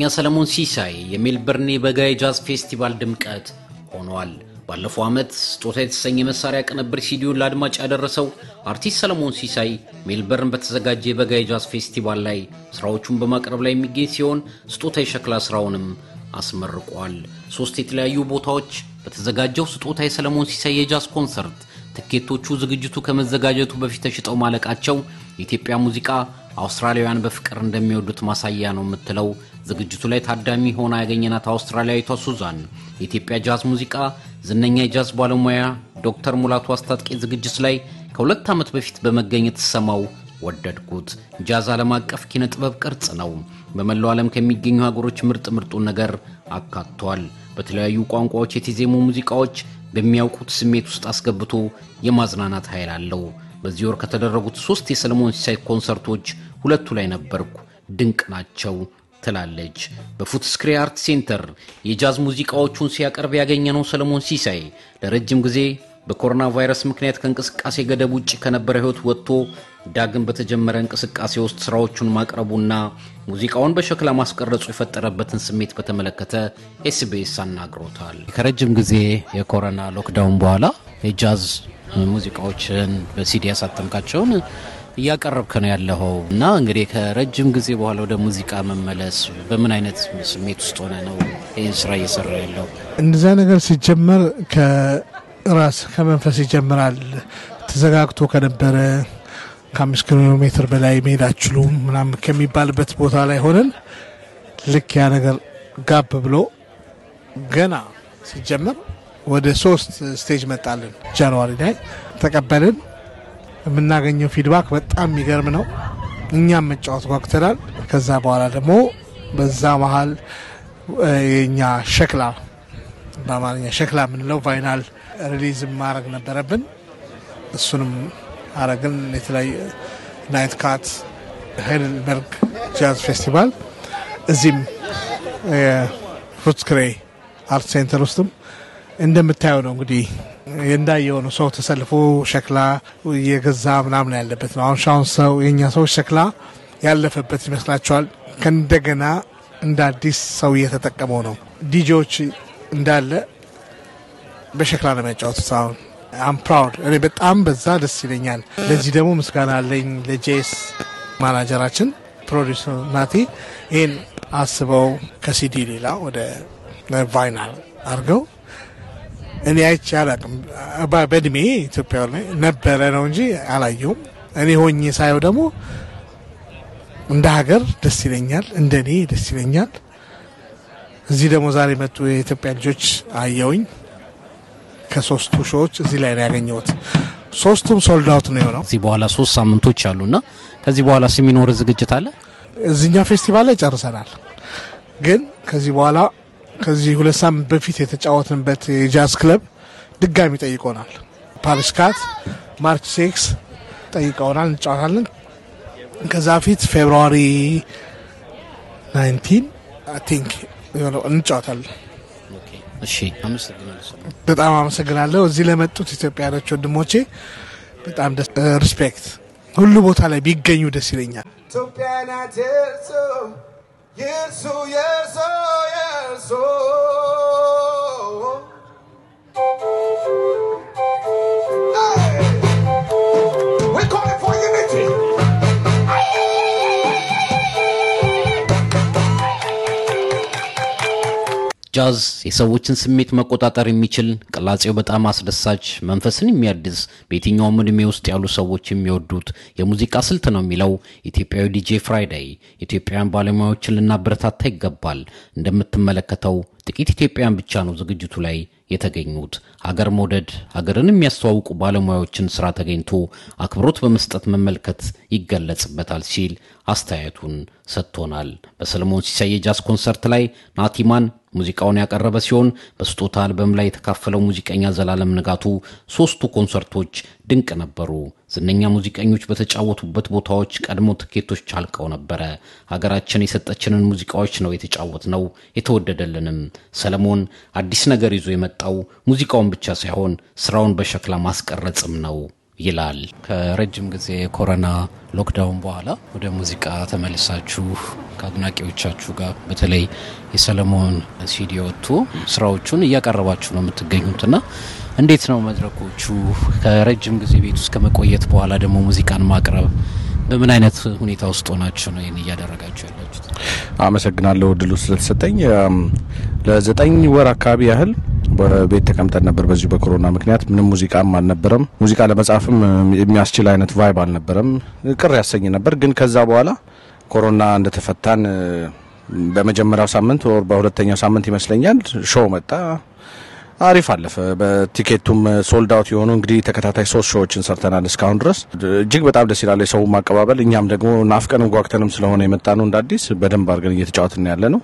ጋዜጠኛ ሰለሞን ሲሳይ የሜልበርን የበጋ የጃዝ ፌስቲቫል ድምቀት ሆኗል። ባለፈው ዓመት ስጦታ የተሰኘ መሳሪያ ቅንብር ሲዲዮን ለአድማጭ ያደረሰው አርቲስት ሰለሞን ሲሳይ ሜልበርን በተዘጋጀ የበጋ የጃዝ ፌስቲቫል ላይ ስራዎቹን በማቅረብ ላይ የሚገኝ ሲሆን ስጦታ የሸክላ ስራውንም አስመርቋል። ሶስት የተለያዩ ቦታዎች በተዘጋጀው ስጦታ የሰለሞን ሲሳይ የጃዝ ኮንሰርት ትኬቶቹ ዝግጅቱ ከመዘጋጀቱ በፊት ተሽጠው ማለቃቸው የኢትዮጵያ ሙዚቃ አውስትራሊያውያን በፍቅር እንደሚወዱት ማሳያ ነው የምትለው ዝግጅቱ ላይ ታዳሚ ሆና ያገኘናት አውስትራሊያዊቷ ሱዛን የኢትዮጵያ ጃዝ ሙዚቃ ዝነኛ የጃዝ ባለሙያ ዶክተር ሙላቱ አስታጥቄ ዝግጅት ላይ ከሁለት ዓመት በፊት በመገኘት ሰማው ወደድኩት። ጃዝ ዓለም አቀፍ ኪነ ጥበብ ቅርጽ ነው። በመላው ዓለም ከሚገኙ ሀገሮች ምርጥ ምርጡን ነገር አካቷል። በተለያዩ ቋንቋዎች የተዜሙ ሙዚቃዎች በሚያውቁት ስሜት ውስጥ አስገብቶ የማዝናናት ኃይል አለው። በዚህ ወር ከተደረጉት ሶስት የሰለሞን ሲሳይ ኮንሰርቶች ሁለቱ ላይ ነበርኩ፣ ድንቅ ናቸው ትላለች። በፉትስክሬ አርት ሴንተር የጃዝ ሙዚቃዎቹን ሲያቀርብ ያገኘ ነው ሰለሞን ሲሳይ ለረጅም ጊዜ በኮሮና ቫይረስ ምክንያት ከእንቅስቃሴ ገደብ ውጭ ከነበረ ህይወት ወጥቶ ዳግም በተጀመረ እንቅስቃሴ ውስጥ ስራዎቹን ማቅረቡና ሙዚቃውን በሸክላ ማስቀረጹ የፈጠረበትን ስሜት በተመለከተ ኤስቢኤስ አናግሮታል። ከረጅም ጊዜ የኮሮና ሎክዳውን በኋላ የጃዝ ሙዚቃዎችን በሲዲ ያሳተምካቸውን እያቀረብክ ነው ያለኸው እና እንግዲህ ከረጅም ጊዜ በኋላ ወደ ሙዚቃ መመለስ በምን አይነት ስሜት ውስጥ ሆነ ነው ይህን ስራ እየሰራ ያለው? እንደዛ ነገር ሲጀመር ከራስ ከመንፈስ ይጀምራል። ተዘጋግቶ ከነበረ ከአምስት ኪሎ ሜትር በላይ መሄድ አችሉም ምናምን ከሚባልበት ቦታ ላይ ሆነን ልክ ያ ነገር ጋብ ብሎ ገና ሲጀመር ወደ ሶስት ስቴጅ መጣልን። ጃንዋሪ ላይ ተቀበልን። የምናገኘው ፊድባክ በጣም የሚገርም ነው። እኛም መጫወት ጓግተናል። ከዛ በኋላ ደግሞ በዛ መሀል የኛ ሸክላ በአማርኛ ሸክላ የምንለው ቫይናል ሪሊዝ ማድረግ ነበረብን። እሱንም አረግን። የተለያዩ ናይት ካት ሄልንበርግ ጃዝ ፌስቲቫል እዚህም ፉትስክሬ አርት ሴንተር ውስጥም እንደምታየው ነው እንግዲህ እንዳየው ነው። ሰው ተሰልፎ ሸክላ እየገዛ ምናምን ያለበት ነው። አሁን ሻሁን ሰው የእኛ ሰዎች ሸክላ ያለፈበት ይመስላቸዋል። ከእንደገና እንደ አዲስ ሰው እየተጠቀመው ነው። ዲጂዎች እንዳለ በሸክላ ነው የሚያጫወቱት። አሁን አም ፕራውድ እኔ በጣም በዛ ደስ ይለኛል። ለዚህ ደግሞ ምስጋና አለኝ ለጄስ ማናጀራችን ፕሮዲሰር ናቲ ይህን አስበው ከሲዲ ሌላ ወደ ቫይናል አድርገው እኔ አይቼ አላቅም። በእድሜ ኢትዮጵያ ላይ ነበረ ነው እንጂ አላየውም። እኔ ሆኜ ሳየው ደግሞ እንደ ሀገር ደስ ይለኛል፣ እንደ እኔ ደስ ይለኛል። እዚህ ደግሞ ዛሬ መጡ የኢትዮጵያ ልጆች አየውኝ። ከሶስቱ ሾዎች እዚህ ላይ ነው ያገኘሁት። ሶስቱም ሶልዳውት ነው የሆነው። እዚህ በኋላ ሶስት ሳምንቶች አሉና ከዚህ በኋላ የሚኖር ዝግጅት አለ። እዚኛው ፌስቲቫል ላይ ጨርሰናል፣ ግን ከዚህ በኋላ ከዚህ ሁለት ሳምንት በፊት የተጫወትንበት የጃዝ ክለብ ድጋሚ ጠይቆናል። ፓሪስ ካት ማርች ሴክስ ጠይቀውናል፣ እንጫወታለን። ከዛ ፊት ፌብርዋሪ ናይንቲን አይ ቲንክ በጣም አመሰግናለሁ። እዚህ ለመጡት ኢትዮጵያኖች ወንድሞቼ በጣም ሪስፔክት፣ ሁሉ ቦታ ላይ ቢገኙ ደስ ይለኛል። Yes, oh, yes, oh, yes, oh. We're calling for unity. ጃዝ የሰዎችን ስሜት መቆጣጠር የሚችል ቅላጼው በጣም አስደሳች መንፈስን የሚያድስ በየትኛውም እድሜ ውስጥ ያሉ ሰዎች የሚወዱት የሙዚቃ ስልት ነው የሚለው ኢትዮጵያዊ ዲጄ ፍራይዳይ ኢትዮጵያውያን ባለሙያዎችን ልናበረታታ ይገባል። እንደምትመለከተው ጥቂት ኢትዮጵያውያን ብቻ ነው ዝግጅቱ ላይ የተገኙት። ሀገር መውደድ፣ ሀገርን የሚያስተዋውቁ ባለሙያዎችን ስራ ተገኝቶ አክብሮት በመስጠት መመልከት ይገለጽበታል ሲል አስተያየቱን ሰጥቶናል። በሰለሞን ሲሳይ የጃዝ ኮንሰርት ላይ ናቲማን ሙዚቃውን ያቀረበ ሲሆን በስጦታ አልበም ላይ የተካፈለው ሙዚቀኛ ዘላለም ንጋቱ ሶስቱ ኮንሰርቶች ድንቅ ነበሩ። ዝነኛ ሙዚቀኞች በተጫወቱበት ቦታዎች ቀድሞ ትኬቶች አልቀው ነበረ። ሀገራችን የሰጠችንን ሙዚቃዎች ነው የተጫወት ነው የተወደደልንም። ሰለሞን አዲስ ነገር ይዞ የመጣው ሙዚቃውን ብቻ ሳይሆን ስራውን በሸክላ ማስቀረጽም ነው። ይላል። ከረጅም ጊዜ ኮሮና ሎክዳውን በኋላ ወደ ሙዚቃ ተመልሳችሁ ከአድናቂዎቻችሁ ጋር በተለይ የሰለሞን ሲዲ ወጥቶ ስራዎቹን እያቀረባችሁ ነው ና እንዴት ነው መድረኮቹ? ከረጅም ጊዜ ቤት ውስጥ ከመቆየት በኋላ ደግሞ ሙዚቃን ማቅረብ በምን አይነት ሁኔታ ውስጥ ሆናችሁ ነው ይህን እያደረጋችሁ ያላችሁት? አመሰግናለሁ እድሉ ስለተሰጠኝ። ለዘጠኝ ወር አካባቢ ያህል ቤት ተቀምጠን ነበር። በዚሁ በኮሮና ምክንያት ምንም ሙዚቃም አልነበረም። ሙዚቃ ለመጻፍም የሚያስችል አይነት ቫይብ አልነበረም። ቅር ያሰኝ ነበር። ግን ከዛ በኋላ ኮሮና እንደተፈታን በመጀመሪያው ሳምንት ወር በሁለተኛው ሳምንት ይመስለኛል ሾው መጣ። አሪፍ አለፈ። በቲኬቱም ሶልድ አውት የሆኑ እንግዲህ ተከታታይ ሶስት ሾዎችን ሰርተናል እስካሁን ድረስ እጅግ በጣም ደስ ይላል የሰው ማቀባበል። እኛም ደግሞ ናፍቀንም ጓግተንም ስለሆነ የመጣ ነው እንደ አዲስ በደንብ አድርገን እየተጫወትን ያለ ነው።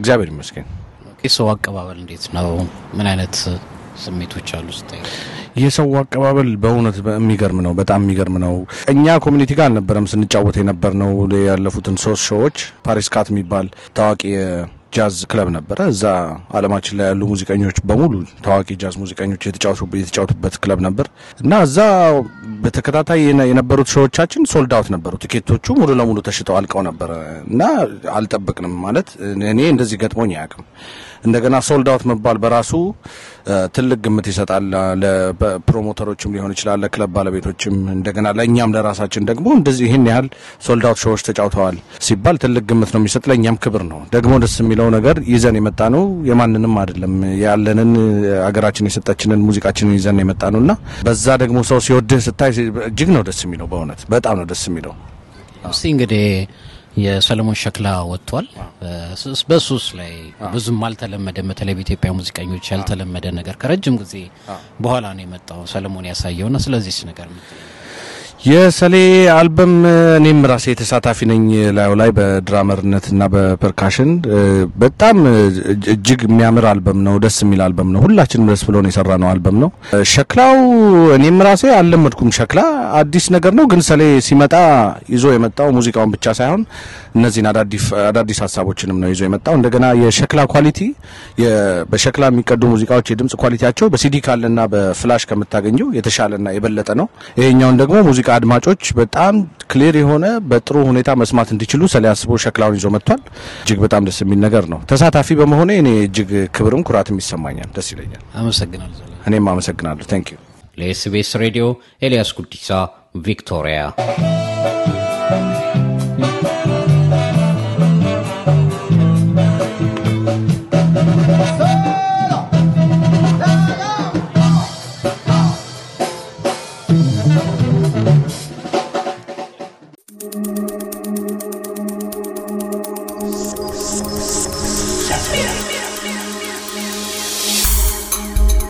እግዚአብሔር ይመስገን። የሰው አቀባበል እንዴት ነው? ምን አይነት ስሜቶች አሉ የሰው አቀባበል በእውነት የሚገርም ነው። በጣም የሚገርም ነው። እኛ ኮሚኒቲ ጋር አልነበረም ስንጫወት የነበር ነው። ያለፉትን ሶስት ሾዎች ፓሪስ ካት የሚባል ታዋቂ ጃዝ ክለብ ነበረ። እዛ አለማችን ላይ ያሉ ሙዚቀኞች በሙሉ ታዋቂ ጃዝ ሙዚቀኞች የተጫወቱበት ክለብ ነበር እና እዛ በተከታታይ የነበሩት ሾዎቻችን ሶልድ አውት ነበሩ። ቲኬቶቹ ሙሉ ለሙሉ ተሽጠው አልቀው ነበረ እና አልጠብቅንም ማለት እኔ እንደዚህ ገጥሞኝ አያውቅም። እንደገና ሶልድ አውት መባል በራሱ ትልቅ ግምት ይሰጣል። ለፕሮሞተሮችም ሊሆን ይችላል፣ ለክለብ ባለቤቶችም እንደገና ለእኛም ለራሳችን ደግሞ እንደዚህ ይህን ያህል ሶልድ አውት ሾዎች ተጫውተዋል ሲባል ትልቅ ግምት ነው የሚሰጥ። ለእኛም ክብር ነው ደግሞ ደስ የሚለው ያለው ነገር ይዘን የመጣ ነው። የማንንም አይደለም ያለንን አገራችን የሰጠችንን ሙዚቃችንን ይዘን የመጣ ነው እና በዛ ደግሞ ሰው ሲወድህ ስታይ እጅግ ነው ደስ የሚለው። በእውነት በጣም ነው ደስ የሚለው። እስቲ እንግዲህ የሰለሞን ሸክላ ወጥቷል። በሱስ ላይ ብዙም አልተለመደም፣ በተለይ በኢትዮጵያ ሙዚቀኞች ያልተለመደ ነገር ከረጅም ጊዜ በኋላ ነው የመጣው ሰለሞን ያሳየውና ስለዚህ ነገር የሰሌ አልበም እኔም ራሴ ተሳታፊ ነኝ። ላዩ ላይ በድራመርነትና በፐርካሽን በጣም እጅግ የሚያምር አልበም ነው። ደስ የሚል አልበም ነው። ሁላችንም ደስ ብሎን የሰራ ነው አልበም ነው። ሸክላው እኔም ራሴ አልለመድኩም። ሸክላ አዲስ ነገር ነው፣ ግን ሰሌ ሲመጣ ይዞ የመጣው ሙዚቃውን ብቻ ሳይሆን እነዚህን አዳዲስ ሀሳቦችንም ነው ይዞ የመጣው። እንደገና የሸክላ ኳሊቲ፣ በሸክላ የሚቀዱ ሙዚቃዎች የድምፅ ኳሊቲያቸው በሲዲ ካለና በፍላሽ ከምታገኘው የተሻለና የበለጠ ነው። ይሄኛውን ደግሞ ሙዚቃ አድማጮች በጣም ክሊር የሆነ በጥሩ ሁኔታ መስማት እንዲችሉ ሰሌ ሸክላውን ይዞ መጥቷል። እጅግ በጣም ደስ የሚል ነገር ነው። ተሳታፊ በመሆኔ እኔ እጅግ ክብርም ኩራትም ይሰማኛል። ደስ ይለኛል። አመሰግናለሁ። እኔም አመሰግናለሁ። ታንኪዩ። ለኤስቢኤስ ሬዲዮ ኤልያስ ጉዲሳ ቪክቶሪያ